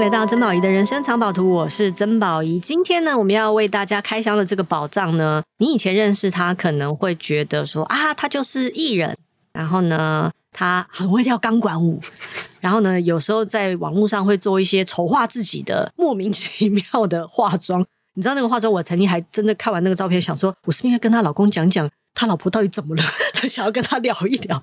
來到曾寶儀的人生藏寶圖，我是曾寶儀。今天呢，我們要為大家開箱的這個寶藏呢，你以前認識他可能會覺得說啊，他就是藝人，然後呢，他很會跳鋼管舞，然後呢，有時候在網絡上會做一些醜化自己的莫名其妙的化妝。你知道那個化妝，我曾經還真的看完那個照片，想說我是不是應該跟她老公講講。他老婆到底怎麼了？他想要跟他聊一聊，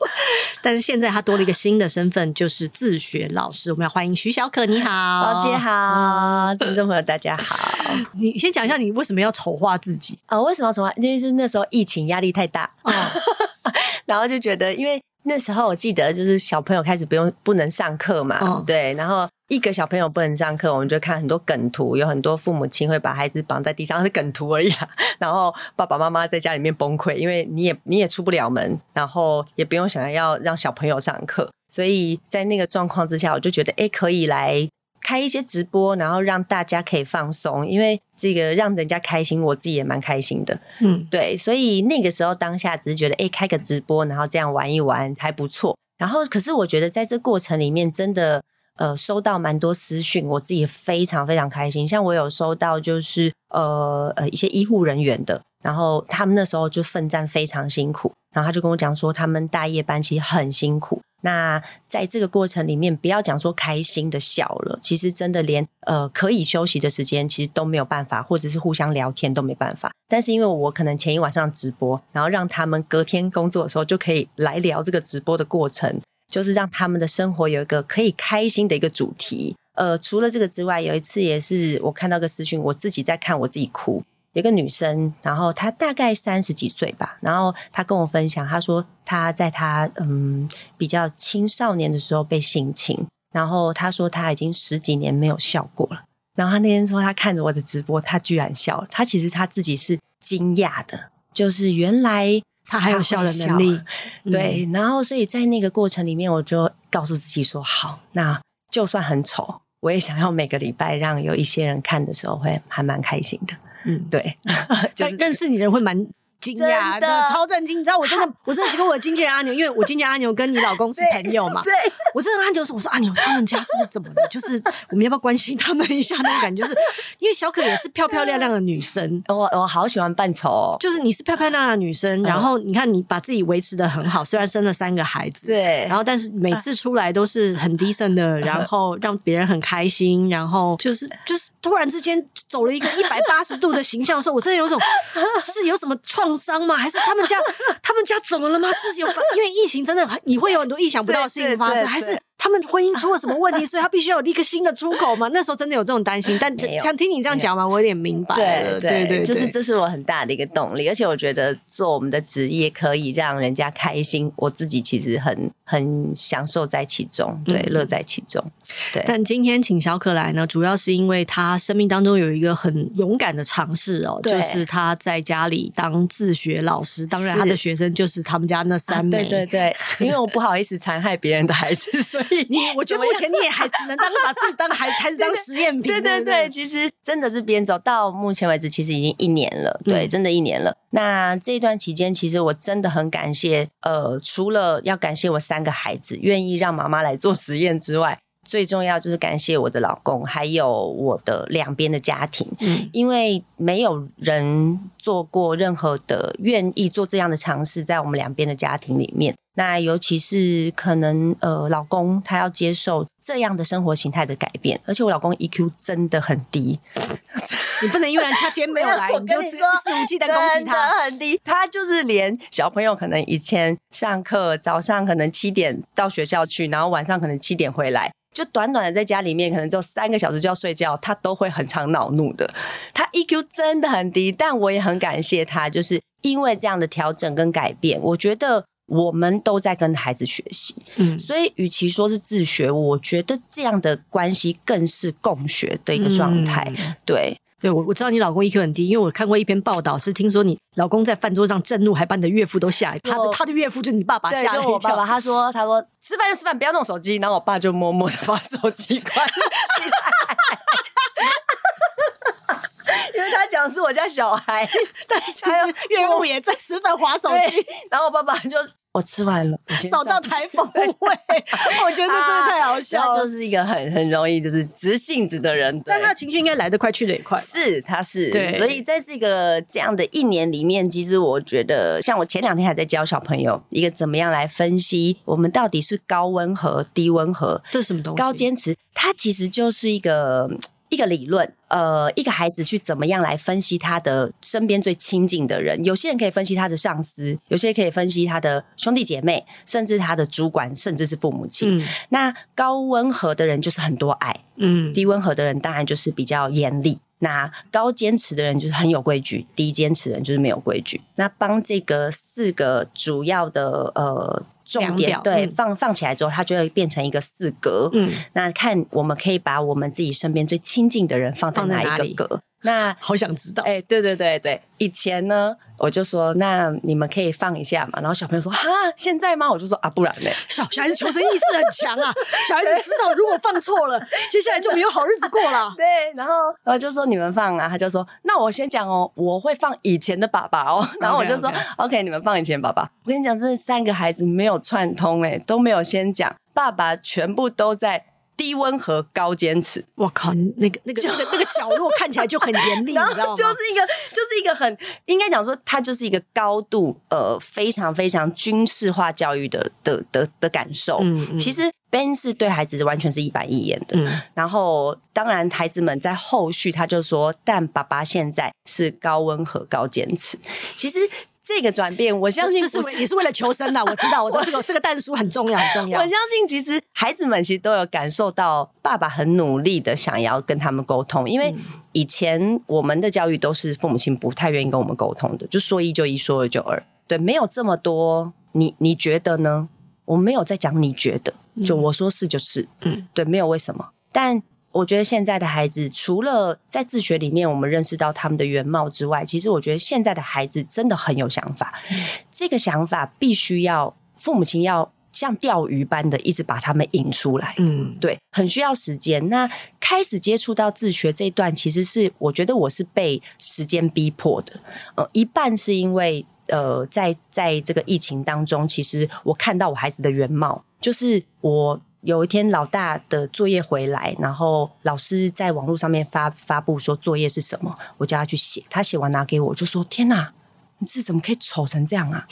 但是現在他多了一個新的身份，就是自學老師。我們要歡迎徐小可，你好，寶姐。好，嗯、聽眾朋友大家好。你先講一下你為什麼要醜化自己啊？嗯哦。為什麼要醜化？因為是那時候疫情壓力太大，哦、 然後就覺得，因為那時候我記得就是小朋友開始不用不能上課嘛，哦、對，然後。一個小朋友不能上課，我們就看很多梗圖，有很多父母親會把孩子綁在地上，是梗圖而已啊。然後爸爸媽媽在家裡面崩潰，因為你也你也出不了門，然後也不用想要讓小朋友上課。所以在那個狀況之下，我就覺得，欸，可以來開一些直播，然後讓大家可以放鬆，因為這個讓人家開心，我自己也蠻開心的。嗯，對，所以那個時候當下只是覺得，欸，開個直播，然後這樣玩一玩還不錯。然後，可是我覺得在這過程裡面，真的。呃，收到蠻多私訊，我自己非常非常開心。像我有收到，就是呃呃一些醫護人員的，然後他們那時候就奮戰非常辛苦，然後他就跟我講說，他們大夜班其實很辛苦。那在這個過程裡面，不要講說開心的笑了，其實真的連呃可以休息的時間，其實都沒有辦法，或者是互相聊天都沒辦法。但是因為我可能前一晚上直播，然後讓他們隔天工作的時候，就可以來聊這個直播的過程。就是讓他們的生活有一個可以開心的一個主題。呃，除了這個之外，有一次也是我看到個私訊，我自己在看，我自己哭。有一個女生，然後她大概三十幾歲吧，然後她跟我分享，她說她在她嗯比較青少年的時候被性侵，然後她說她已經十幾年沒有笑過了。然後她那天說她看着我的直播，她居然笑了。她其實她自己是驚訝的，就是原來。他還有笑的能力、啊，對，嗯、然後所以在那個過程裡面，我就告訴自己說：好，那就算很醜，我也想要每個禮拜讓有一些人看的時候會還蠻開心的。嗯，對， 就是但認識你的人會蠻。驚訝，的，的超震驚，你知道我真的？ 我真的覺得我的經紀人阿牛，因為我經紀人阿牛跟你老公是朋友嘛， 對，對，我真的阿牛說，我說阿牛，他們、啊、家是不是怎麼了？ 就是我們要不要關心他們一下？那種、個、感覺、就是，是因為小可也是漂漂亮亮的女生，我我好喜歡扮醜、哦，就是你是漂漂亮亮的女生，然後你看你把自己維持的很好，雖然生了三個孩子，對，然後但是每次出來都是很低沉的， 然後讓別人很開心，然後就是就是突然之間走了一個一百八十度的形象的時候，我真的有種 是有什麼創。重傷嗎？還是他們家 他們家怎麼了嗎？是有因為疫情真的很，你會有很多意想不到的事情發生，還是？對對對他們婚姻出了什麼問題，所以他必須要有一個新的出口嘛？那時候真的有這種擔心，但想聽你這樣講嘛，我有點明白了。對對對，就是這是我很大的一個動力，而且我覺得做我們的職業可以讓人家開心，我自己其實很很享受在其中，對，樂在其中。對。但今天請小可來呢，主要是因為他生命當中有一個很勇敢的嘗試哦，就是他在家裡當自學老師，當然他的學生就是他們家那三寶對對對，因為我不好意思殘害別人的孩子，所以。你，我覺得目前你也還只能當，把自己當孩孩子 還是當實驗品。對對對，對對，其實真的是邊走，到目前為止，其實已經一年了，嗯、對，真的一年了。那這一段期間，其實我真的很感謝，呃，除了要感謝我三個孩子願意讓媽媽來做實驗之外。最重要就是感謝我的老公，還有我的兩邊的家庭，嗯，因為沒有人做過任何的願意做這樣的嘗試，在我們兩邊的家庭裡面。那尤其是可能呃，老公他要接受這樣的生活形態的改變，而且我老公 EQ 真的很低， 你不能因為他今天沒有來 你就肆無忌憚攻擊他。很低，他就是連小朋友可能以前上課早上可能七點到學校去，然後晚上可能七點回來。就短短的在家裡面，可能就三個小時就要睡覺，他都會很常惱怒的。他 EQ 真的很低，但我也很感謝他，就是因為這樣的調整跟改變，我覺得我們都在跟孩子學習。嗯，所以與其說是自學，我覺得這樣的關係更是共學的一個狀態。嗯、對。對，我我知道你老公 EQ 很低，因為我看過一篇報道，是聽說你老公在飯桌上震怒，還把你的岳父都嚇一，他的我他的岳父就是你爸爸嚇了一跳，我爸爸，他說 他說，吃飯就吃飯，不要弄手機。然後我爸就默默的把手機關了， 因為他講是我家小孩， 但是其實岳父也在吃飯划手機。 然後我爸爸就。我吃完了，掃到台風尾，對我覺得這真的太好笑了。他就是一個很很容易就是直性子的人，但他的情緒應該來得快，去得也快。是，他是對，所以在這個這樣的一年裡面，其實我覺得，像我前兩天還在教小朋友一個怎麼樣來分析我們到底是高溫和低溫和，這是什麼東西？高堅持，他其實就是一個。一個理論，呃，一個孩子去怎麼樣來分析他的身邊最親近的人。有些人可以分析他的上司，有些人可以分析他的兄弟姐妹，甚至他的主管，甚至是父母親。嗯，那高溫和的人就是很多愛，嗯，低溫和的人當然就是比較嚴厲。那高堅持的人就是很有規矩，低堅持的人就是沒有規矩。那幫這個四個主要的，呃。重點表對，嗯，放放起來之後，它就會變成一個四格。嗯，那看我們可以把我們自己身邊最親近的人放在哪一個格？那好想知道哎、欸，對對對對，以前呢我就說那你們可以放一下嘛，然後小朋友說哈現在嗎？我就說啊不然呢、欸。小孩子求生意識很強啊， 小孩子知道如果放錯了， 接下來就沒有好日子過了。真的 對，然後我就說你們放啊，他就說那我先講哦、喔，我會放以前的爸爸哦、喔，okay, okay. 然後我就說 OK 你們放以前的爸爸，我跟你講這三個孩子沒有串通誒、欸，都沒有先講爸爸，全部都在。低溫和高堅持，我靠，那個那個那個那個，角落看起來就很嚴厲，你知道嗎？就是一個就是一個很應該講說，他就是一個高度呃非常非常軍事化教育的的的的，的感受。嗯，嗯，其實 Ben 是對孩子完全是一板一眼的。嗯、然後當然孩子們在後續他就說，但爸爸現在是高溫和高堅持。其實。這個轉變，我相信是也是為了求生的。 我知道，我知道這個這個但書 很重要，很重要。我相信，其實孩子們其實都有感受到，爸爸很努力的想要跟他們溝通。因為以前我們的教育都是父母親不太願意跟我們溝通的，就說一就一，說二就二。對，沒有這麼多。你你覺得呢？我沒有在講你覺得，就我說是就是，嗯，對，沒有為什麼，但。我覺得現在的孩子，除了在自學裡面，我們認識到他們的原貌之外，其實我覺得現在的孩子真的很有想法。嗯，這個想法必須要父母親要像釣魚般的一直把他們引出來。嗯，對，很需要時間。那開始接觸到自學這一段，其實是我覺得我是被時間逼迫的。呃，一半是因為呃，在在這個疫情當中，其實我看到我孩子的原貌，就是我。有一天，老大的作業回來，然後老師在網絡上面發發布說作業是什麼，我叫他去寫，他寫完拿給我，我就說：“天哪、啊，你字怎麼可以醜成這樣啊？”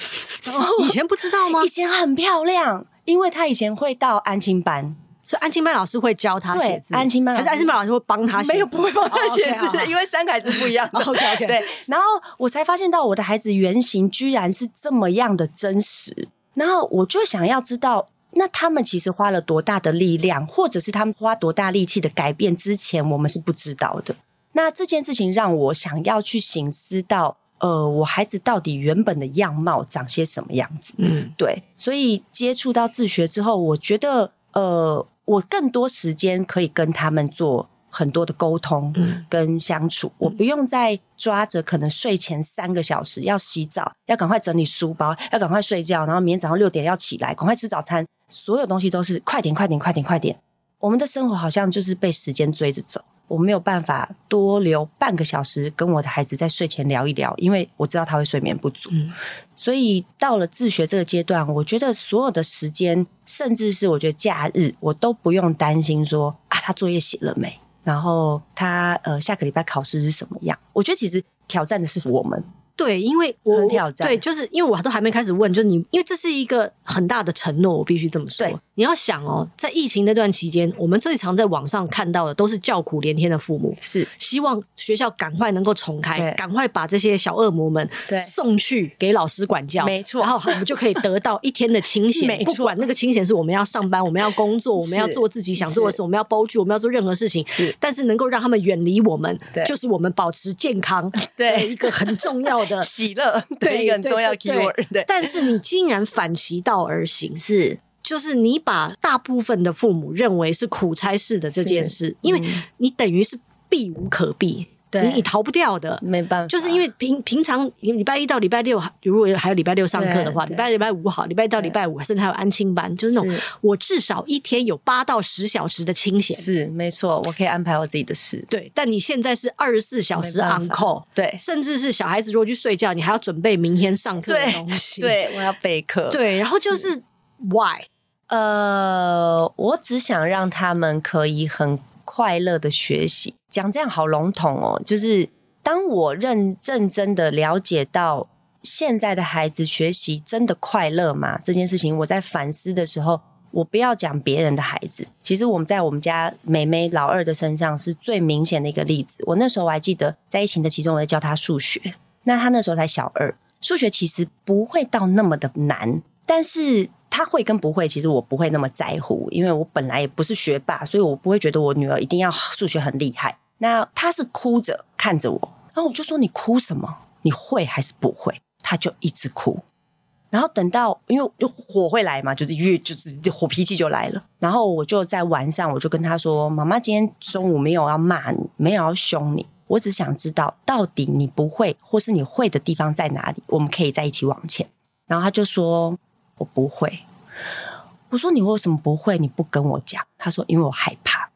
然後、哦、以前不知道嗎？以前很漂亮，因為他以前會到安親班，所以安親班老師會教他寫字，安親班老師安親班老師會幫他寫。沒有不會幫他寫字，哦、okay, 因為三個孩子不一樣、哦。OK，, okay. 對。然後我才發現到我的孩子原型居然是這麼樣的真實，然後我就想要知道。那他們其實花了多大的力量，或者是他們花多大力氣的改變之前，我們是不知道的。那這件事情讓我想要去省思到，呃，我孩子到底原本的樣貌長些什麼樣子？嗯，對。所以接觸到自學之後，我覺得，呃，我更多時間可以跟他們做很多的溝通跟相處，嗯、我不用再抓着可能睡前三個小時要洗澡，要趕快整理書包，要趕快睡覺，然後明天早上六點要起來，趕快吃早餐。所有東西都是快點快點快點快點！我們的生活好像就是被時間追着走，我沒有辦法多留半個小時跟我的孩子在睡前聊一聊，因為我知道他會睡眠不足。嗯、所以到了自學這個階段，我覺得所有的時間，甚至是我覺得假日，我都不用擔心說啊，他作業寫了沒？然後他呃，下個禮拜考試是什麼樣？我覺得其實挑戰的是我們。對，因為我對，就是因為我都還沒開始問，就是你，因為這是一個很大的承諾，我必須這麼說。對，你要想哦，在疫情那段期間，我們最常在網上看到的都是叫苦連天的父母，是希望學校趕快能夠重開，趕快把這些小惡魔們送去給老師管教，沒錯，然後我們就可以得到一天的清閒。沒錯，不管那個清閒是我們要上班，我們要工作，我們要做自己想做的事，我們要包聚，我們要做任何事情，是，但是能夠讓他們遠離我們，就是我們保持健康的一個很重要的，喜樂，對，一個很重要的 keyword。對，對，對，對，對，對，但是你竟然反其道而行，是，就是你把大部分的父母認為是苦差事的這件事，嗯，因為你等於是避無可避。對你逃不掉的。沒辦法，就是因為平平常禮拜一到禮拜六，如果還有禮拜六上課的話，禮對拜一禮拜五好，禮拜一到禮拜五，甚至還有安親班，對就是那種是我至少一天有八到十小時的清閒。是，沒錯，我可以安排我自己的事。對，但你現在是二十四小時 on call，對，甚至是小孩子如果去睡覺，你還要準備明天上課的東西對。對，我要備課。對，然後就是，是 why？呃，我只想讓他們可以很。快樂的學習，講這樣好籠統哦。就是當我認認真真的了解到現在的孩子學習真的快樂嗎？這件事情，我在反思的時候，我不要講別人的孩子。其實我們在我們家妹妹老二的身上是最明顯的一個例子。我那時候我還記得，在疫情的其中，我在教他數學，那他那時候才小二，數學其實不會到那麼的難，但是。他會跟不會，其實我不會那麼在乎，因為我本來也不是學霸，所以我不會覺得我女兒一定要數學很厲害。那她是哭着看着我，然後我就說：“你哭什麼？你會還是不會？”她就一直哭，然後等到因為火會來嘛，就是越就是火脾氣就來了。然後我就在晚上，我就跟她說：“媽媽今天中午沒有要罵你，沒有要兇你，我只想知道到底你不會或是你會的地方在哪裡，我們可以在一起往前。”然後她就說。我不會。我說你為什麼不會？你不跟我講。他說因為我害怕。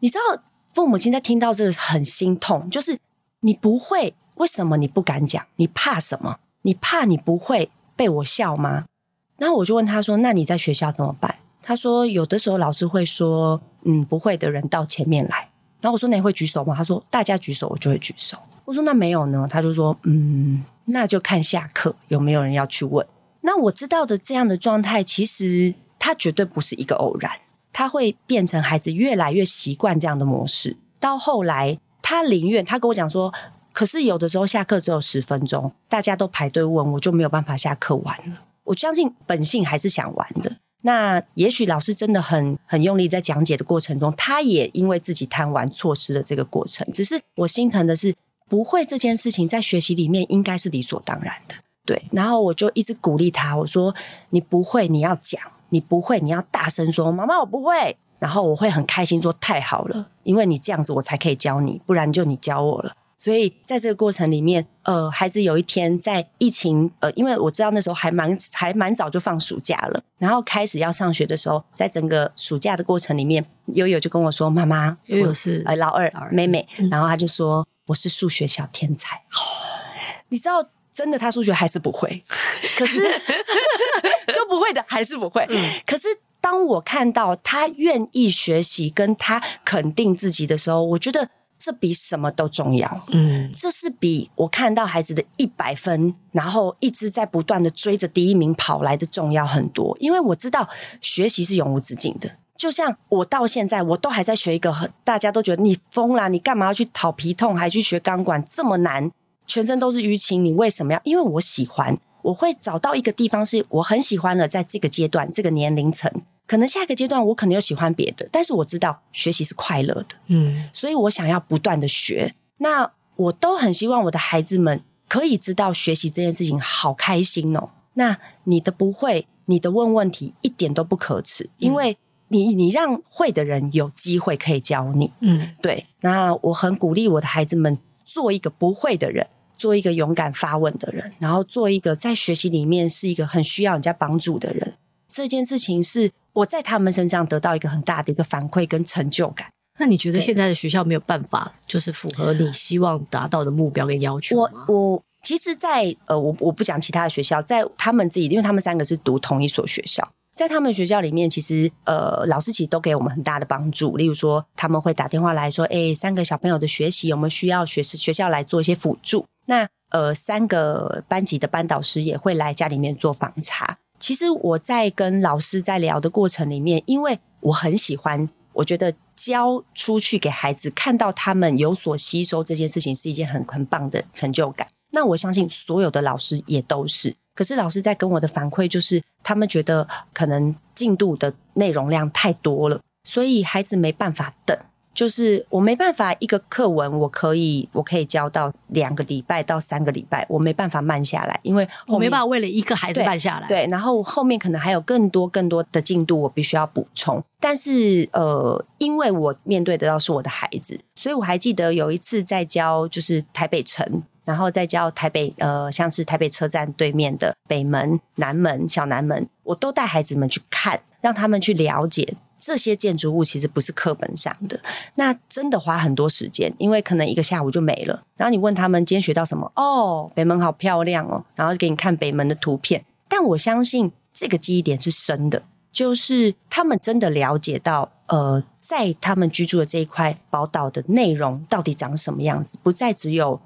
你知道父母親在聽到這個很心痛，就是你不會，為什麼你不敢講？你怕什麼？你怕你不會被我笑嗎？然後我就問他說：“那你在學校怎麼辦？”他說：“有的時候老師會說，嗯，不會的人到前面來。”然後我說：“那你會舉手嗎？”他說：“大家舉手，我就會舉手。”我說：“那沒有呢？”他就說：“嗯，那就看下課有沒有人要去問。”那我知道的這樣的狀態，其實它絕對不是一個偶然，它會變成孩子越來越習慣這樣的模式。到後來，他寧願他跟我講說，可是有的時候下課只有十分鐘，大家都排隊問，我就沒有辦法下課玩了。我相信本性還是想玩的。那也許老師真的很、很用力在講解的過程中，他也因為自己貪玩錯失了這個過程。只是我心疼的是，不會這件事情在學習裡面應該是理所當然的。對，然後我就一直鼓勵他，我說：“你不會，你要講；你不會，你要大聲說，媽媽，我不會。”然後我會很開心說：“太好了，因為你這樣子，我才可以教你，不然就你教我了。”所以在這個過程裡面，呃，孩子有一天在疫情，呃，因為我知道那時候還蠻還蠻早就放暑假了，然後開始要上學的時候，在整個暑假的過程裡面，悠悠就跟我說：“媽媽，悠悠是老二妹妹。”然後他就說：“嗯、我是數學小天才。吼”你知道？真的，他數學還是不會，可是 就不會的，還是不會。嗯、可是當我看到他願意學習，跟他肯定自己的時候，我覺得這比什麼都重要。嗯，這是比我看到孩子的一百分，然後一直在不斷的追着第一名跑來的重要很多。因為我知道學習是永無止境的，就像我到現在，我都還在學一個，很大家都覺得你瘋了，你幹嘛要去討皮痛，還去學鋼管這麼難。全身都是淤青，你為什麼要？因為我喜歡，我會找到一個地方是我很喜歡的。在這個階段，這個年齡層，可能下一個階段我可能又喜歡別的，但是我知道學習是快樂的，嗯，所以我想要不斷的學。嗯、那我都很希望我的孩子們可以知道學習這件事情好開心哦、喔。那你的不會，你的問問題一點都不可恥，因為你你讓會的人有機會可以教你，嗯，對。那我很鼓勵我的孩子們做一個不會的人。做一個勇敢發問的人，然後做一個在學習裡面是一個很需要人家幫助的人，這件事情是我在他們身上得到一個很大的一個反饋跟成就感。那你覺得現在的學校沒有辦法，對就是符合你希望達到的目標跟要求嗎？我我其實，在呃，我我不講其他的學校，在他們自己，因為他們三個是讀同一所學校。在他們學校裡面，其實呃，老師其實都給我們很大的幫助。例如說，他們會打電話來說：“誒、欸，三個小朋友的學習有沒有需要學習，學校來做一些輔助？”那呃，三個班級的班導師也會來家裡面做訪查。其實我在跟老師在聊的過程裡面，因為我很喜歡，我覺得教出去給孩子看到他們有所吸收這件事情是一件很很棒的成就感。那我相信所有的老師也都是。可是老師在跟我的反饋就是，他們覺得可能進度的內容量太多了，所以孩子沒辦法等。就是我沒辦法一個課文，我可以我可以教到兩個禮拜到三個禮拜，我沒辦法慢下來，因為我沒辦法為了一個孩子慢下來對。對，然後後面可能還有更多更多的進度，我必須要補充。但是呃，因為我面對的都是我的孩子，所以我還記得有一次在教就是台北城，然後在教台北呃，像是台北車站對面的北門、南門、小南門，我都帶孩子們去看，讓他們去了解。這些建築物其實不是課本上的，那真的花很多時間，因為可能一個下午就沒了。然後你問他們今天學到什麼？哦，北門好漂亮哦，然後給你看北門的圖片。但我相信這個記憶點是深的，就是他們真的了解到，呃，在他們居住的這一塊寶島的內容到底長什麼樣子，不再只有。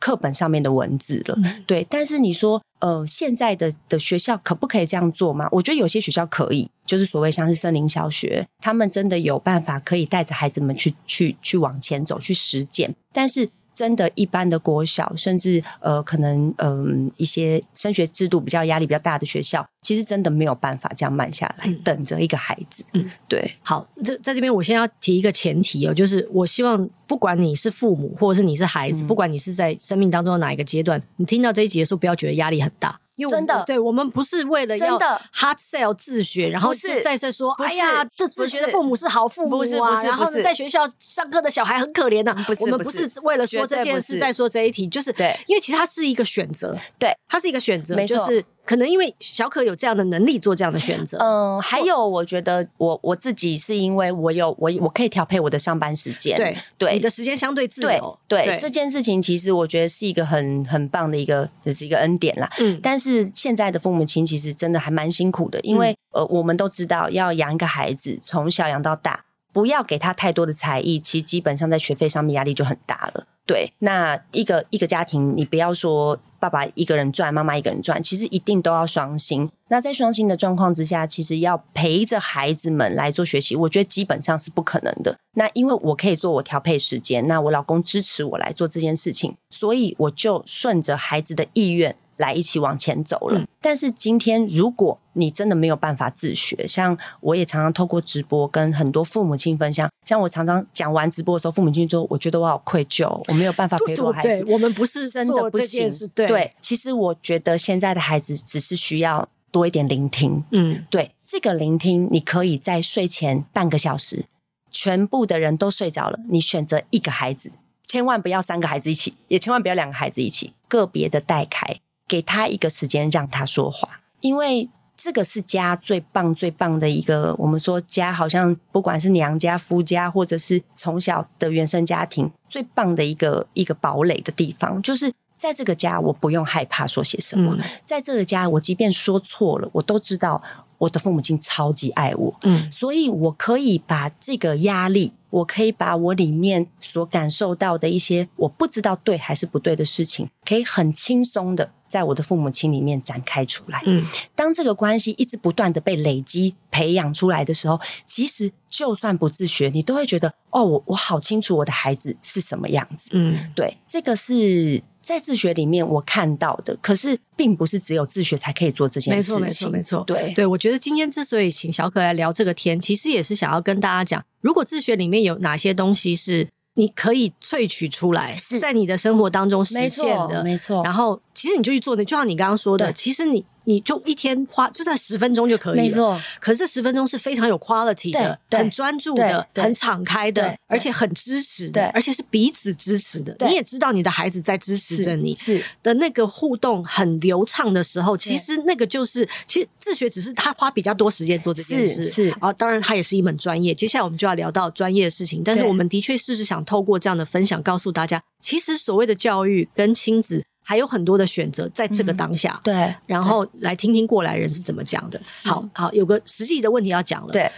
課本上面的文字了，嗯、對。但是你說，呃，現在的的學校可不可以這樣做嗎？我覺得有些學校可以，就是所謂像是森林小學，他們真的有辦法可以帶着孩子們去去去往前走，去實踐。但是。真的，一般的國小，甚至呃，可能嗯、呃，一些升學制度比較壓力比較大的學校，其實真的沒有辦法這樣慢下來，嗯、等着一個孩子。嗯，對。好，這在這邊，我先要提一個前提哦，就是我希望不管你是父母，或者是你是孩子，嗯、不管你是在生命當中的哪一個階段，你聽到這一集的時候，不要覺得壓力很大。真的，對，我們不是為了要真的 hard sell 自學，的然後是在在說，是哎呀，這自學的父母是好父母啊，然後呢在學校上課的小孩很可憐啊，是我們不是為了說這件事，在說這一題，是就是對，因為其實它是一個選擇，對，它是一個選擇，沒錯就是。可能因為小可有這樣的能力做這樣的選擇，嗯、呃，還有我覺得我我自己是因為我有我我可以調配我的上班時間，對對，對你的時間相對自由，對，對，對這件事情其實我覺得是一個很很棒的一個也、就是一個恩典啦。嗯，但是現在的父母親其實真的還蠻辛苦的，因為、嗯、呃我們都知道要養一個孩子從小養到大，不要給他太多的才藝，其實基本上在學費上面壓力就很大了。對，那一個一個家庭，你不要說爸爸一個人賺，媽媽一個人賺，其實一定都要雙薪。那在雙薪的狀況之下，其實要陪着孩子們來做學習，我覺得基本上是不可能的。那因為我可以做我調配時間，那我老公支持我來做這件事情，所以我就順着孩子的意願。來一起往前走了，嗯、但是今天如果你真的沒有辦法自學，像我也常常透過直播跟很多父母親分享，像我常常講完直播的時候，父母親說：“我覺得我好愧疚，我沒有辦法陪我孩子。對”我們不是真的不行。對，對，其實我覺得現在的孩子只是需要多一點聆聽。嗯，對，這個聆聽，你可以在睡前半個小時，全部的人都睡着了，你選擇一個孩子，千萬不要三個孩子一起，也千萬不要兩個孩子一起，個別的帶開。給他一個時間，讓他說話，因為這個是家最棒、最棒的一個。我們說家好像不管是娘家、夫家，或者是從小的原生家庭，最棒的一個一個堡壘的地方，就是在這個家，我不用害怕說些什麼，嗯、在這個家，我即便說錯了，我都知道，我的父母親超級愛我，嗯，所以我可以把這個壓力，我可以把我裡面所感受到的一些我不知道對還是不對的事情，可以很輕鬆的在我的父母親裡面展開出來，嗯，當這個關係一直不斷的被累積培養出來的時候，其實就算不自學，你都會覺得哦，我我好清楚我的孩子是什麼樣子，嗯，對，這個是。在自學裡面，我看到的，可是並不是只有自學才可以做這件事情。沒錯，沒錯，沒錯。對，對，我覺得今天之所以請小可來聊這個天，其實也是想要跟大家講，如果自學裡面有哪些東西是你可以萃取出來，是在你的生活當中實現的，沒錯錯。然後，其實你就去做，那就像你剛剛說的，對其實你。你就一天花，就算十分鐘就可以了。沒錯，可是這十分鐘是非常有 quality 的，很專注的，很敞開的，而且很支持的，而且是彼此支持的。你也知道，你的孩子在支持着你，是的，那個互動很流暢的時候，其實那個就是，其實自學只是他花比較多時間做這件事，是啊，當然他也是一門專業。接下來我們就要聊到專業的事情，但是我們的確是是想透過這樣的分享告訴大家，其實所謂的教育跟親子。還有很多的選擇，在這個當下，嗯、對，然後來聽聽過來人是怎麼講的。是好，好，有個實際的問題要講了。對，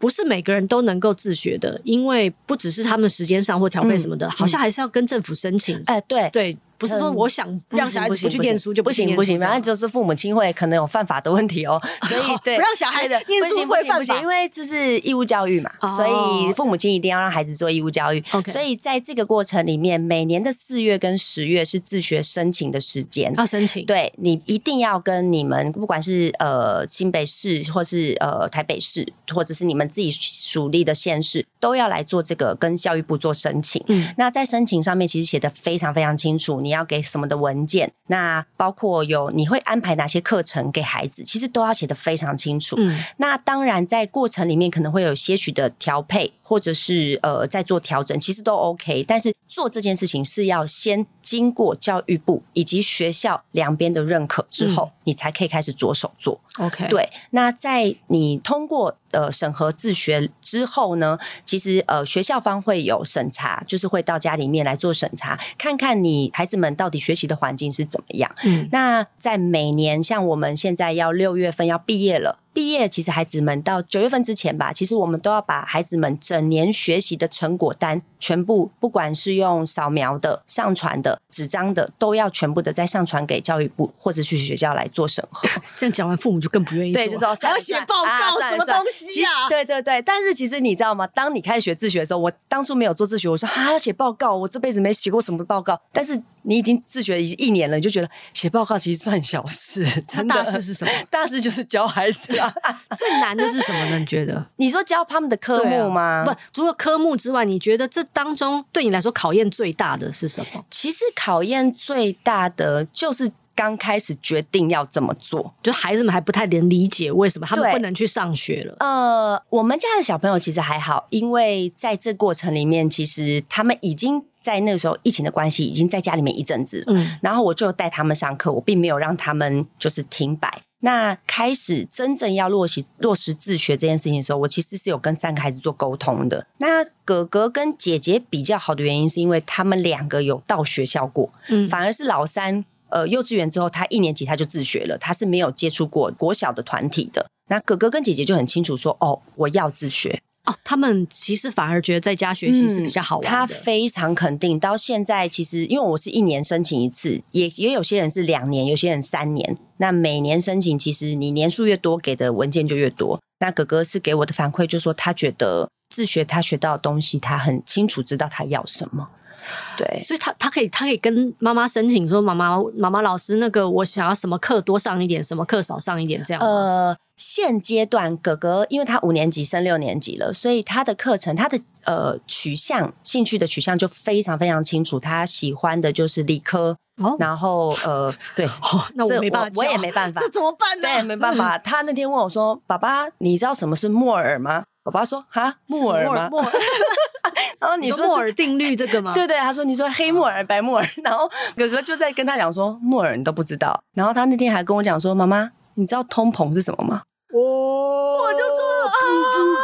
不是每個人都能夠自學的，因為不只是他們時間上或調配什麼的，嗯、好像還是要跟政府申請。哎、嗯對，對對。不是說我想讓小孩子不去念書就不行不行，反正就是父母親會可能有犯法的問題哦，所以不讓小孩子念書會犯法，因為這是義務教育嘛，所以父母親一定要讓孩子做義務教育。所以在這個過程裡面，每年的四月跟十月是自學申請的時間啊，申請。對，你一定要跟你們不管是呃新北市或是呃台北市或者是你們自己屬地的縣市，都要來做這個跟教育部做申請。嗯，那在申請上面其實寫得非常非常清楚。你要給什麼的文件，那包括有你會安排哪些課程給孩子，其實都要寫得非常清楚。嗯，那當然在過程裡面可能會有些許的調配。或者是呃，在做調整，其實都 OK，但是做這件事情是要先經過教育部以及學校兩邊的認可之後，嗯、你才可以開始着手做。OK，對。那在你通過呃，審核自學之後呢，其實呃學校方會有審查，就是會到家裡面來做審查，看看你孩子們到底學習的環境是怎麼樣。嗯。那在每年像我們現在要六月份要畢業了。畢業其實孩子們到九月份之前吧，其實我們都要把孩子們整年學習的成果單全部不管是用掃描的、上傳的、紙張的，都要全部的再上傳給教育部，或者去學校來做審核。這樣講完，父母就更不願意 對，就知道還要寫報告，啊、算算什麼東西啊？對對對！但是其實你知道嗎？當你開始學自學的時候，我當初沒有做自學，我說啊，寫報告，我這輩子沒寫過什麼報告。但是你已經自學了一年了，你就覺得寫報告其實算小事，真的大事是什麼？ 大事就是教孩子啊！ 最難的是什麼呢？你覺得？ 你說教他們的科目嗎、啊？不，除了科目之外，你覺得這？當中對你來說考驗最大的是什麼？其實考驗最大的就是剛開始決定要這麼做，就孩子們還不太能理解為什麼他們不能去上學了。呃，我們家的小朋友其實還好，因為在這過程裡面，其實他們已經在那個時候疫情的關係，已經在家裡面一陣子了。嗯，然後我就帶他們上課，我並沒有讓他們就是停擺。那開始真正要落實落實自學這件事情的時候，我其實是有跟三個孩子做溝通的。那哥哥跟姐姐比較好的原因，是因為他們兩個有到學校過，嗯，反而是老三，呃，幼稚園之後，他一年級他就自學了，他是沒有接觸過國小的團體的。那哥哥跟姐姐就很清楚說，哦，我要自學。哦，oh, 他們其實反而覺得在家學習是比較好玩的。嗯，他非常肯定，到現在其實，因為我是一年申請一次，也也有些人是兩年，有些人三年。那每年申請，其實你年數越多，給的文件就越多。那哥哥是給我的反饋，就是說他覺得自學他學到的東西，他很清楚知道他要什麼。對，所以他他可以，他可以跟媽媽申請說，媽媽媽媽老師，那個我想要什麼課多上一點，什麼課少上一點這樣。呃，現階段哥哥，因為他五年級升六年級了，所以他的課程，他的呃取向、興趣的取向就非常非常清楚。他喜歡的就是理科，哦、然後呃，對、哦，那我沒辦法，我也沒辦法，這怎麼辦呢？沒辦法。他那天問我說：“ 爸爸，你知道什麼是木耳嗎？”爸爸說：“哈，木耳嗎？”是是 然後你說摩爾定律這個嗎？ 對對，他說你說黑木耳白木耳，然後哥哥就在跟他講說木 耳你都不知道。然後他那天還跟我講說 媽媽，你知道通膨是什麼嗎？我、哦、我就說。啊、哦。噔噔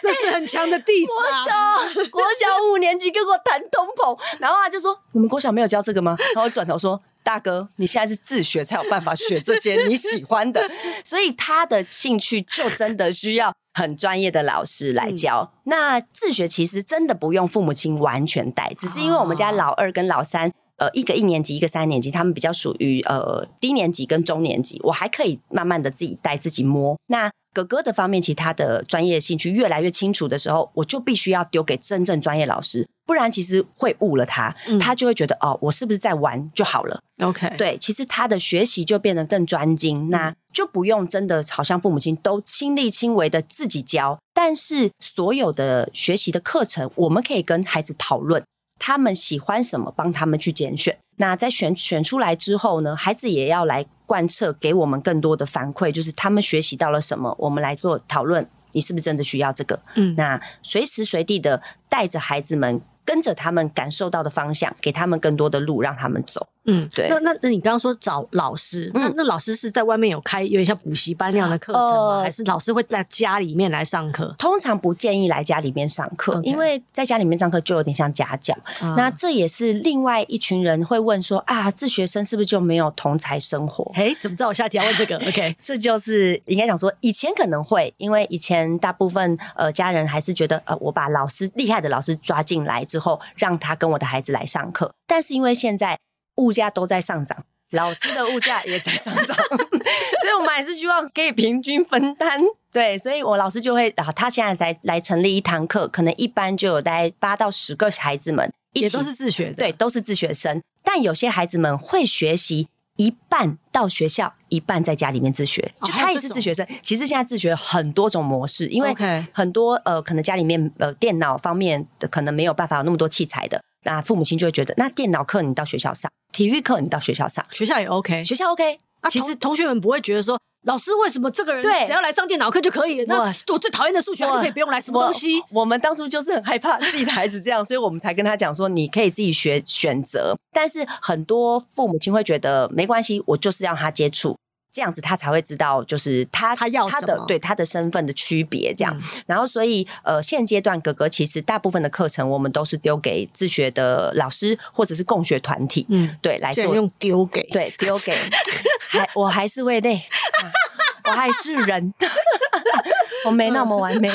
這是很強的第三、啊欸，國小國小五年級跟我談通膨， 然後他就說：“你們國小沒有教這個嗎？”然後我轉頭說：“ 大哥，你現在是自學才有辦法學這些你喜歡的，所以他的興趣就真的需要很專業的老師來教。嗯、那自學其實真的不用父母親完全帶，只是因為我們家老二跟老三，呃，一個一年級，一個三年級，他們比較屬於呃低年級跟中年級，我還可以慢慢的自己帶自己摸。”那哥哥的方面，其他的專業興趣越來越清楚的時候，我就必須要丟給真正專業老師，不然其實會誤了他。嗯、他就會覺得哦，我是不是在玩就好了？OK，對，其實他的學習就變得更專精，那就不用真的好像父母親都親力親為的自己教。但是所有的學習的課程，我們可以跟孩子討論。他們喜歡什麼，幫他們去揀選。那在選選出來之後呢，孩子也要來貫徹，給我們更多的反饋，就是他們學習到了什麼，我們來做討論。你是不是真的需要這個？嗯，那隨時隨地的帶着孩子們，跟着他們感受到的方向，給他們更多的路，讓他們走。嗯，對，那那那你剛剛說找老師，嗯、那那老師是在外面有開有點像補習班那樣的課程嗎？呃、還是老師會在家裡面來上課？通常不建議來家裡面上課，Okay. 因為在家裡面上課就有點像家教。啊、那這也是另外一群人會問說啊，自學生是不是就沒有同儕生活？哎，怎麼知道我下題要問這個 ？OK，這就是應該講說以前可能會，因為以前大部分呃家人還是覺得呃我把老師厲害的老師抓進來之後，讓他跟我的孩子來上課，但是因為現在。物價都在上漲，老師的物價也在上漲， 所以我們還是希望可以平均分擔。對，所以我老師就會啊，他現在才來成立一堂課，可能一般就有大概八到十個孩子們，也都是自學的，對，都是自學生。但有些孩子們會學習一半到學校，一半在家裡面自學，就他也是自學生。哦、其實現在自學很多種模式，因為很多呃，可能家裡面呃電腦方面的可能沒有辦法有那麼多器材的。那父母親就會覺得，那電腦課你到學校上，體育課你到學校上，學校也 OK，學校 OK。啊、其實同，同學們不會覺得說，老師為什麼這個人對，只要來上電腦課就可以？對那我最討厭的數學可以不用來什麼東西，我我我。我們當初就是很害怕自己的孩子這樣， 所以我們才跟他講說，你可以自己學選擇。但是很多父母親會覺得沒關係，我就是讓他接觸。這樣子他才會知道，就是他他，要他的對他的身份的區別這樣。嗯、然後所以呃，現階段哥哥其實大部分的課程我們都是丟給自學的老師或者是共學團體，嗯，對，來做用丟給，對，丟給，丟給 還我還是會累。我還是人，我 沒那麼完美，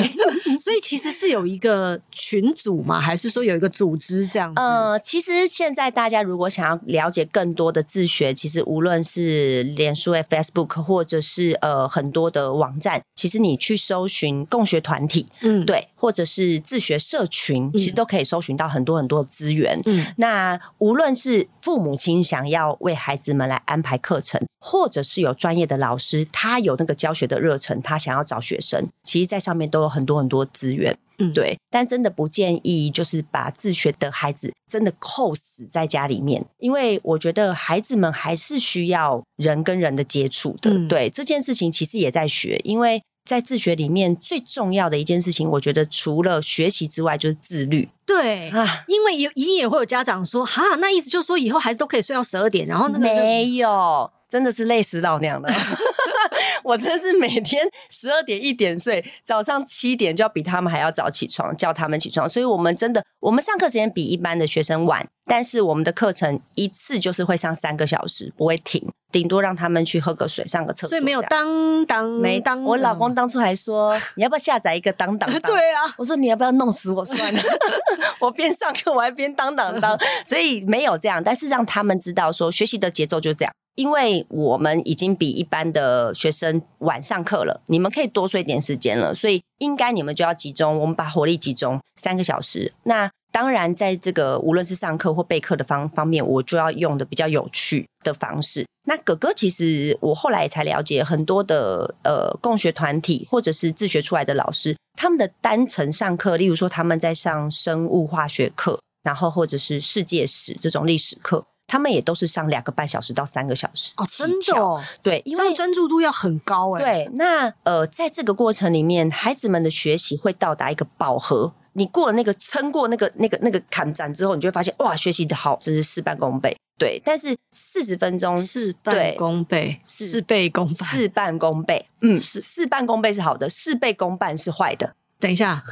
所以其實是有一個群組嘛，還是說有一個組織這樣子？呃，其實現在大家如果想要了解更多的自學，其實無論是臉書 （Facebook） 或者是呃很多的網站，其實你去搜尋共學團體，嗯，對，或者是自學社群，其實都可以搜尋到很多很多資源。嗯，那無論是父母親想要為孩子們來安排課程，或者是有專業的老師，他有的、那個。那個教學的熱忱，他想要找學生，其實在上面都有很多很多資源，嗯，對。但真的不建議，就是把自學的孩子真的扣死在家裡面，因為我覺得孩子們還是需要人跟人的接觸的。嗯、對這件事情，其實也在學，因為在自學裡面最重要的一件事情，我覺得除了學習之外，就是自律。對啊，唉因為有一定也會有家長說，哈，那意思就是說以後孩子都可以睡到十二點，然後那個、那個、沒有。真的是累死老娘了， 我真的是每天十二點一點睡，早上七點就要比他們還要早起床叫他們起床，所以我們真的，我們上課時間比一般的學生晚，但是我們的課程一次就是會上三個小時不會停，頂多讓他們去喝個水、上個廁所，所以沒有當當，沒當。我老公當初還說 你要不要下載一個當當？對啊，我說你要不要弄死我算了啊， 我邊上課我還邊當當當，所以沒有這樣，但是讓他們知道說學習的節奏就這樣。因為我們已經比一般的學生晚上課了，你們可以多睡點時間了，所以應該你們就要集中，我們把火力集中三個小時。那當然，在這個無論是上課或備課的方方面，我就要用的比較有趣的方式。那哥哥，其實我後來也才了解，很多的呃，共學團體或者是自學出來的老師，他們的單程上課，例如說他們在上生物化學課，然後或者是世界史這種歷史課。他們也都是上兩個半小時到三個小時哦，真的哦，對，因為專注度要很高哎。對，那呃，在這個過程裡面，孩子們的學習會到達一個飽和。你過了那個撐過那個那個那個坎站之後，你就會發現哇，學習的好真是事半功倍。對，但是四十分鐘事半功倍，事對四倍功半，事半功倍。嗯，事是半功倍是好的，事倍功半是壞的。等一下。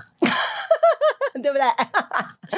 對不對？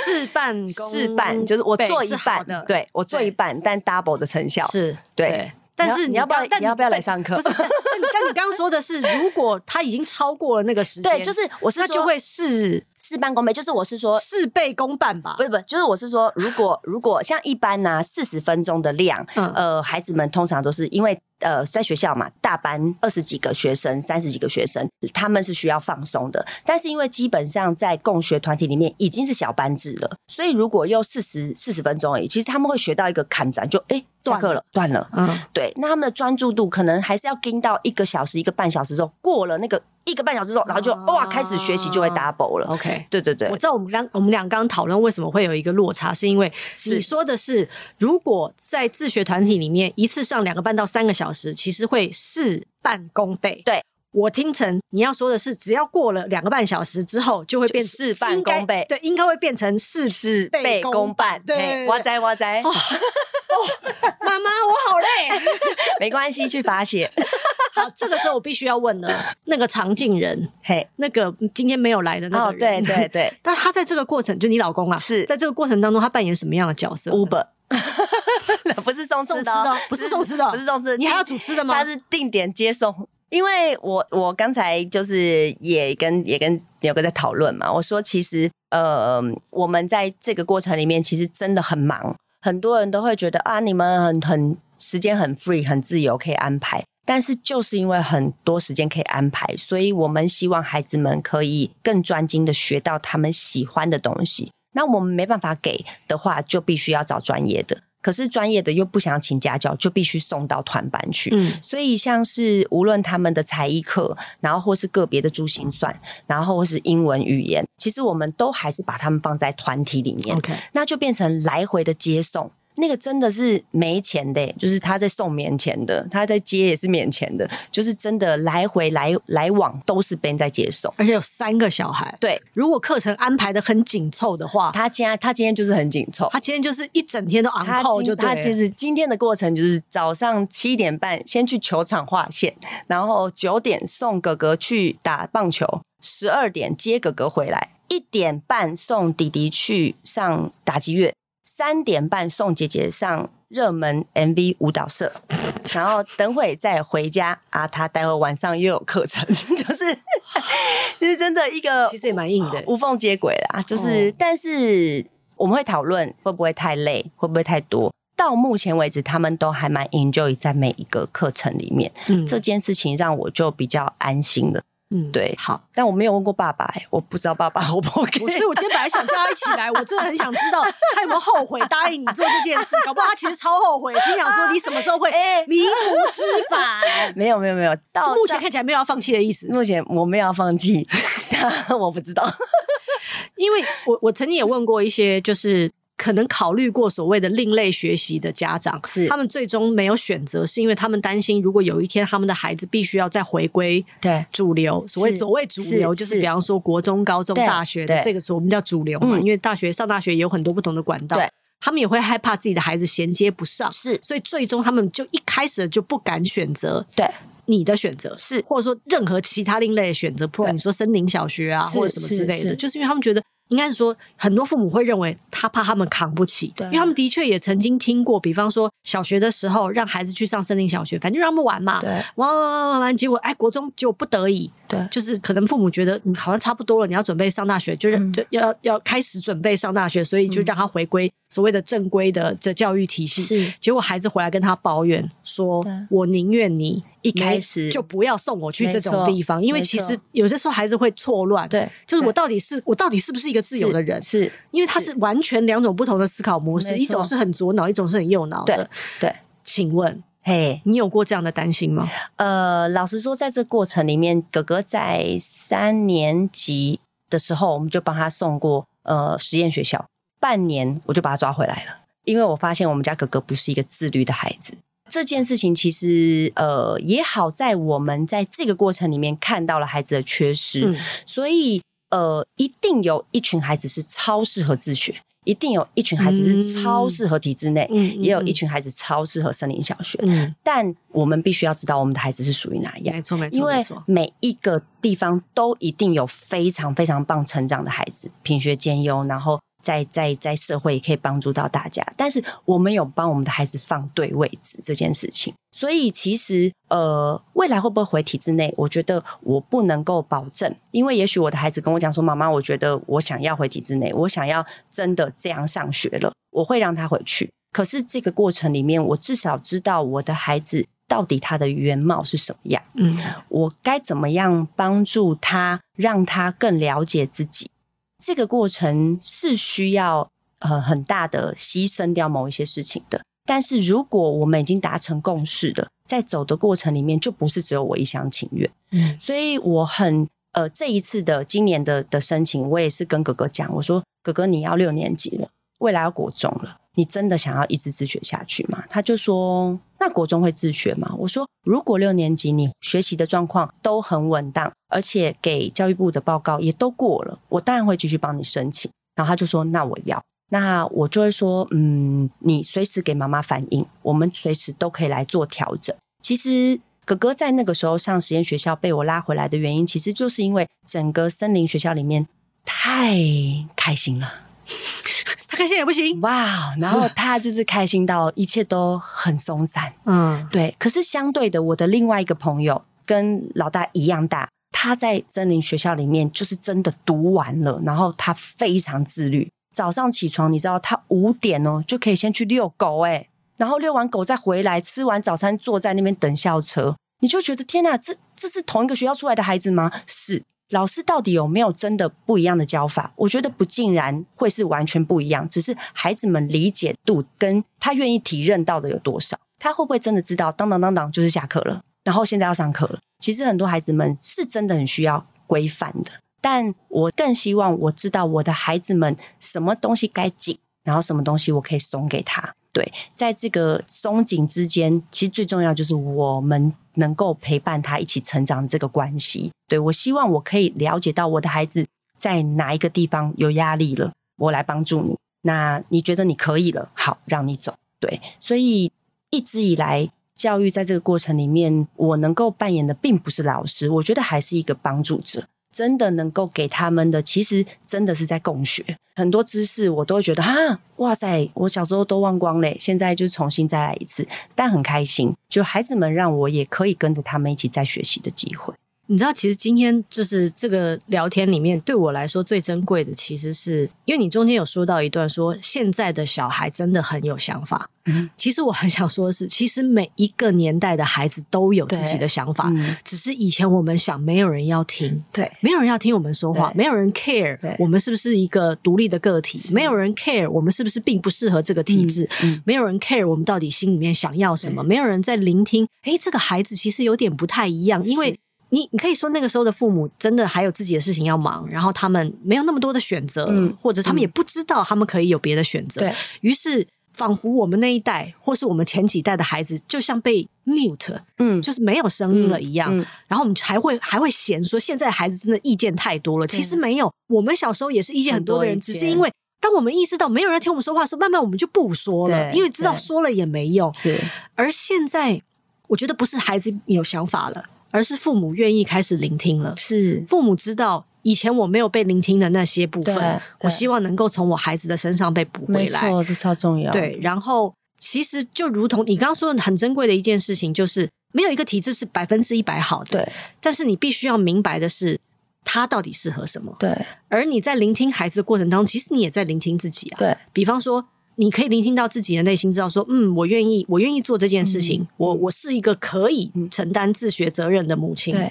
事半事半就是我做一半，對我做一半，但 double 的成效是對。但是你要不要？你要不要來上課？不是，但你剛剛說的是，如果他已經超過了那個時間，對，就是我是說，他就會事事半功倍，就是我是說事倍功半吧？不是，不是，就是我是說，如果如果像一般呢，四十分鐘的量，呃，孩子們通常都是因為。呃，在學校嘛，大班二十幾個學生，三十幾個學生，他們是需要放鬆的。但是因為基本上在共學團體裡面已經是小班制了，所以如果用四十四十分鐘而已，其實他們會學到一個砍斬，就、欸、哎，下課了，斷了。嗯，對，那他們的專注度可能還是要盯到一個小時、一個半小時之後過了那個。一個半小時之後，然後就、uh、哇，開始學習就會 double 了。OK，對對對，我知道我們兩我們倆剛剛討論為什麼會有一個落差，是因為你說的是，是如果在自學團體裡面一次上兩個半到三個小時，其實會事半功倍。對。我聽成你要說的是，只要過了兩個半小時之後，就會變事半功倍。對，應該會變成事事倍功半。功對，哇塞哇塞。哇，媽媽，我好累。 沒關係，去罰寫。好，這個時候我必須要問了，那個藏鏡人，嘿，那個今天沒有來的那個，對對對。但他在這個過程，就你老公啊，是在這個過程當中，他扮演什麼樣的角色？Uber， 不是送吃的、哦，不是送吃的、哦，不是送吃的。你還要煮吃的嗎？他是定點接送。因為我我剛才就是也跟也跟牛哥在討論嘛，我說其實呃，我們在這個過程裡面其實真的很忙，很多人都會覺得啊，你們很很時間很 free，很自由可以安排，但是就是因為很多時間可以安排，所以我們希望孩子們可以更專精的學到他們喜歡的東西。那我們沒辦法給的話，就必須要找專業的。可是專業的又不想請家教，就必須送到團班去。嗯，所以像是無論他們的才藝課，然後或是個別的珠心算，然後或是英文語言，其實我們都還是把他們放在團體裡面。OK，那就變成來回的接送。那個真的是沒錢的，欸，就是他在送免錢的，他在接也是免錢的，就是真的來回來來往都是別人在接送，而且有三個小孩。對，如果課程安排得很緊湊的話，他今他今天就是很緊湊，他今天就是一整天都昂他今就對，他就是今天的過程就是早上七點半先去球場畫線，然後九點送哥哥去打棒球，十二點接哥哥回來，一點半送弟弟去上打擊樂。三點半送姐姐上熱門 MV 舞蹈社，然後等會再回家啊。她待會兒晚上又有課程，就是就是真的一個，其實也蠻硬的無縫接軌啦。就是，哦，但是我們會討論會不會太累，會不會太多。到目前為止，他們都還蠻 enjoy 在每一個課程裡面。嗯，這件事情讓我就比較安心了。嗯，對，好，但我沒有問過爸爸、欸，哎，我不知道爸爸，我不 OK，我所以我今天本來想叫他一起來， 我真的很想知道他有沒有後悔答應你做這件事， 搞不好他其實超後悔，心想 說你什麼時候會迷途知返？欸、 沒有，沒有，沒有，到目前看起來沒有要放棄的意思，目前我沒有要放棄，但我不知道， 因為我我曾經也問過一些，就是。可能考慮過所謂的另類學習的家長，是他們最終沒有選擇，是因為他們擔心，如果有一天他們的孩子必須要再回歸對主流，對所謂所謂主流就是比方說國中、高中、大學的這個時候我們叫主流嘛，嗯、因為大學上大學也有很多不同的管道，對他們也會害怕自己的孩子銜接不上，是，所以最終他們就一開始就不敢選擇對你的選擇，是，對或者說任何其他另類的選擇，譬如你說森林小學啊對或者什麼之類的，是是是是就是因為他們覺得。應該是說，很多父母會認為他怕他們扛不起，對因為他們的確也曾經聽過，比方說小學的時候讓孩子去上森林小學，反正讓他們玩嘛，玩玩玩玩玩，結果哎，國中就不得已。對，就是可能父母覺得你好像差不多了，你要準備上大學，就是就要要開始準備上大學，所以就讓他回歸所謂的正規的這教育體系。是，結果孩子回來跟他抱怨說：“我寧願你一開始就不要送我去這種地方，因為其實有些時候孩子會錯亂。對，就是我到底是我到底是不是一個自由的人？是，因為他是完全兩種不同的思考模式，一種是很左腦，一種是很右腦。對，請問。”嘿，hey, 你有過這樣的擔心嗎？呃，老實說，在這過程裡面，哥哥在三年級的時候，我們就幫他送過呃實驗學校，半年我就把他抓回來了。因為我發現我們家哥哥不是一個自律的孩子。這件事情其實，呃，也好在我們在這個過程裡面看到了孩子的缺失，嗯、所以呃，一定有一群孩子是超適合自學。一定有一群孩子是超適合體制內，嗯、也有一群孩子超適合森林小學。嗯、但我們必須要知道，我們的孩子是屬於哪一樣？沒錯，沒錯，沒錯，因為每一個地方都一定有非常非常棒成長的孩子，品學兼優，然後。在在在社會也可以幫助到大家，但是我們有幫我們的孩子放對位置這件事情，所以其實呃，未來會不會回體制內，我覺得我不能夠保證，因為也許我的孩子跟我講說：“媽媽，我覺得我想要回體制內，我想要真的這樣上學了。”我會讓他回去，可是這個過程裡面，我至少知道我的孩子到底他的原貌是什麼樣，嗯，我該怎麼樣幫助他，讓他更了解自己。這個過程是需要呃很大的犧牲掉某一些事情的，但是如果我們已經達成共識的，在走的過程裡面就不是只有我一廂情願，嗯，所以我很呃這一次的今年的的申請，我也是跟哥哥講，我說哥哥，你要六年級了，未來要國中了。你真的想要一直自學下去嗎？他就說：“那國中會自學嗎？”我說：“如果六年級你學習的狀況都很穩當，而且給教育部的報告也都過了，我當然會繼續幫你申請。”然後他就說：“那我要。”那我就會說：“嗯，你隨時給媽媽反映，我們隨時都可以來做調整。”其實哥哥在那個時候上實驗學校被我拉回來的原因，其實就是因為整個森林學校裡面太開心了。開心也不行哇！Wow, 然後他就是開心到一切都很鬆散，嗯， 對。可是相對的，我的另外一個朋友跟老大一樣大，他在森林學校裡面就是真的讀完了，然後他非常自律。早上起床，你知道他五點哦就可以先去遛狗，哎、欸，然後遛完狗再回來，吃完早餐坐在那邊等校車，你就覺得天吶，這這是同一個學校出來的孩子嗎？是。老師到底有沒有真的不一樣的教法？我覺得不盡然會是完全不一樣，只是孩子們理解度跟他願意體認到的有多少，他會不會真的知道？噹噹噹噹，就是下課了，然後現在要上課了。其實很多孩子們是真的很需要規範的，但我更希望我知道我的孩子們什麼東西該緊，然後什麼東西我可以鬆給他。對，在這個鬆緊之間，其實最重要就是我們。能夠陪伴他一起成長這個關係，對，我希望我可以了解到我的孩子在哪一個地方有壓力了，我來幫助你。那你覺得你可以了，好，讓你走。對，所以一直以來教育在這個過程裡面，我能夠扮演的並不是老師，我覺得還是一個幫助者。真的能夠給他們的，其實真的是在共學。很多知識，我都會覺得哈，哇塞，我小時候都忘光了，現在就重新再來一次，但很開心，就孩子們讓我也可以跟着他們一起再學習的機會。你知道，其實今天就是這個聊天裡面對我來說最珍貴的，其實是因為你中間有說到一段，說現在的小孩真的很有想法。嗯，其實我很想說的是，其實每一個年代的孩子都有自己的想法，只是以前我們想沒有人要聽，對，沒有人要聽我們說話，沒有人 care 我們是不是一個獨立的個體，沒有人 care 我們是不是並不適合這個體制，沒有人 care 我們到底心裡面想要什麼，沒有人在聆聽。誒，這個孩子其實有點不太一樣，因為。你你可以說那個時候的父母真的還有自己的事情要忙，然後他們沒有那麼多的選擇，嗯、或者他們也不知道他們可以有別的選擇。對、嗯、於是，仿佛我們那一代或是我們前幾代的孩子，就像被 mute，嗯，就是沒有聲音了一樣。嗯嗯、然後我們還會還會嫌說現在孩子真的意見太多了。嗯、其實沒有，我們小時候也是意見很多人，多只是因為當我們意識到沒有人聽我們說話的時候，慢慢我們就不說了，對因為知道說了也沒用。是對，而現在我覺得不是孩子有想法了。而是父母願意開始聆聽了，是父母知道以前我沒有被聆聽的那些部分，我希望能夠從我孩子的身上被補回來。沒錯，這超重要。對，然後其實就如同你剛剛說的很珍貴的一件事情，就是沒有一個體制是百分之一百好的，對。但是你必須要明白的是，他到底適合什麼？對。而你在聆聽孩子的過程當中，其實你也在聆聽自己啊。對，比方說。你可以聆聽到自己的內心，知道說，嗯，我願意，我願意做這件事情。嗯、我我是一個可以承擔自學責任的母親。嗯、對。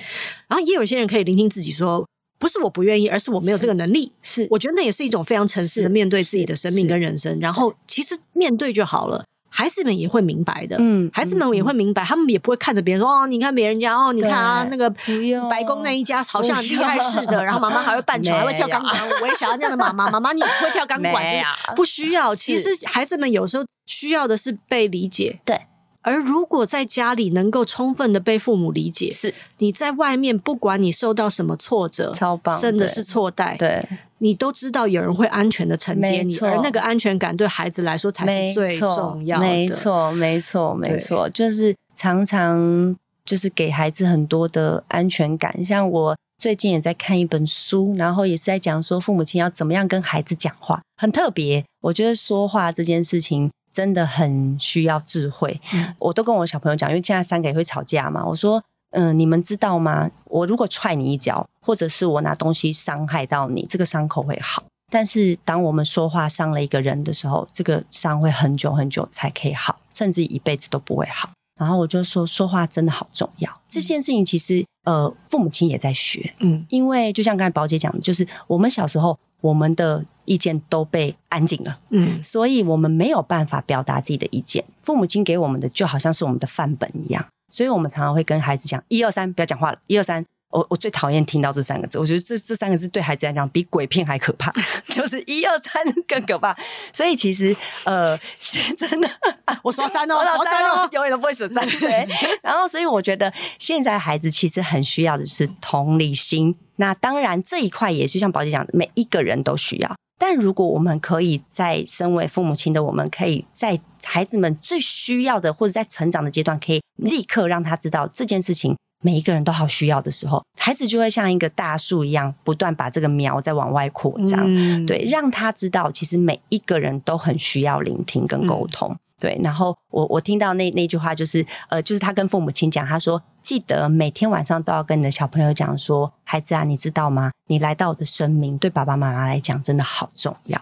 然後也有有些人可以聆聽自己說，說不是我不願意，而是我沒有這個能力。是，是我覺得那也是一種非常誠實的面對自己的生命跟人生。然後其實面對就好了。嗯孩子們也會明白的。嗯，孩子們也會明白，他們也不會看着別人說：“哦，你看別人家哦，你看啊，那個白宮那一家好像很厲害似的。”然後媽媽還會扮醜，還會跳鋼管。我也想要那樣的媽媽。媽媽，你不會跳鋼管，就是不需要。其實孩子們有時候需要的是被理解。對。而如果在家裡能夠充分的被父母理解，是你在外面不管你受到什麼挫折，真棒的是挫敗對，對你都知道有人會安全的承接你，錯而那個安全感對孩子來說才是最重要的。沒錯，沒錯，沒錯，對就是常常就是給孩子很多的安全感。像我最近也在看一本書，然後也是在講說父母親要怎麼樣跟孩子講話，很特別。我覺得說話這件事情。真的很需要智慧，嗯、我都跟我小朋友講，因為現在三個也會吵架嘛。我說，嗯、呃，你們知道嗎？我如果踹你一腳，或者是我拿東西傷害到你，這個傷口會好；但是當我們說話傷了一個人的時候，這個傷會很久很久才可以好，甚至一輩子都不會好。然後我就說，說話真的好重要。嗯、這件事情其實，呃，父母親也在學，嗯，因為就像剛才寶姐講的，就是我們小時候，我們的。意見都被安靜了，嗯，所以我們沒有辦法表達自己的意見。父母親給我們的就好像是我們的範本一樣，所以我們常常會跟孩子講“一二三，不要講話了”。一二三，我我最討厭聽到這三個字，我覺得這這三個字對孩子來講比鬼片還可怕， 就是“一二三”更可怕。所以其實，呃， 真的，啊、我說三哦，我說三哦，我說三哦，永遠都不會說三。 對，然後所以我覺得現在孩子其實很需要的是同理心。那當然這一塊也是像寶姐講的，每一個人都需要。但如果我們可以在身為父母親的，我們可以在孩子們最需要的，或者在成長的階段，可以立刻讓他知道這件事情，每一個人都好需要的時候，孩子就會像一個大樹一樣，不斷把這個苗再往外擴張、嗯。對，讓他知道其實每一個人都很需要聆聽跟溝通、嗯。對，然後我我聽到那那句話就是，呃，就是他跟父母親講，他說。記得每天晚上都要跟你的小朋友講說：“孩子啊，你知道嗎？你來到我的生命，對爸爸媽媽來講真的好重要，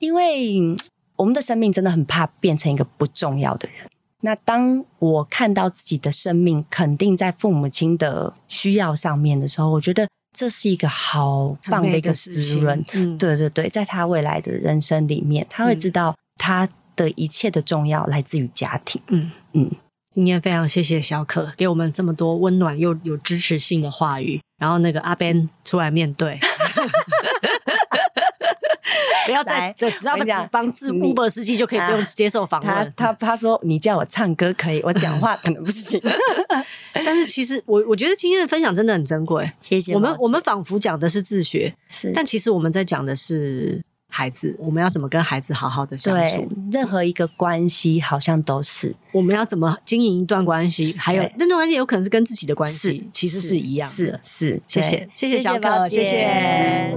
因為我們的生命真的很怕變成一個不重要的人。那當我看到自己的生命肯定在父母親的需要上面的時候，我覺得這是一個好棒的一個滋潤。嗯、對對對，在他未來的人生裡面，他會知道他的一切的重要來自於家庭。嗯嗯。嗯”今天非常謝謝小可給我們這麼多溫暖又有支持性的話語，然後那個阿 Ben 出來面對， 不要再來只要他只幫自 Uber 司機就可以不用接受訪問。啊、他他，他，他說你叫我唱歌可以，我講話可能不行。但是其實我我覺得今天的分享真的很珍貴，謝謝。我們我們仿佛講的是自學，是但其實我們在講的是。孩子，我們要怎麼跟孩子好好的相處？對，任何一個關係好像都是我們要怎麼經營一段關係，對還有那段關係有可能是跟自己的關係，對是其實是一樣是，是是，謝謝，謝謝小可謝謝。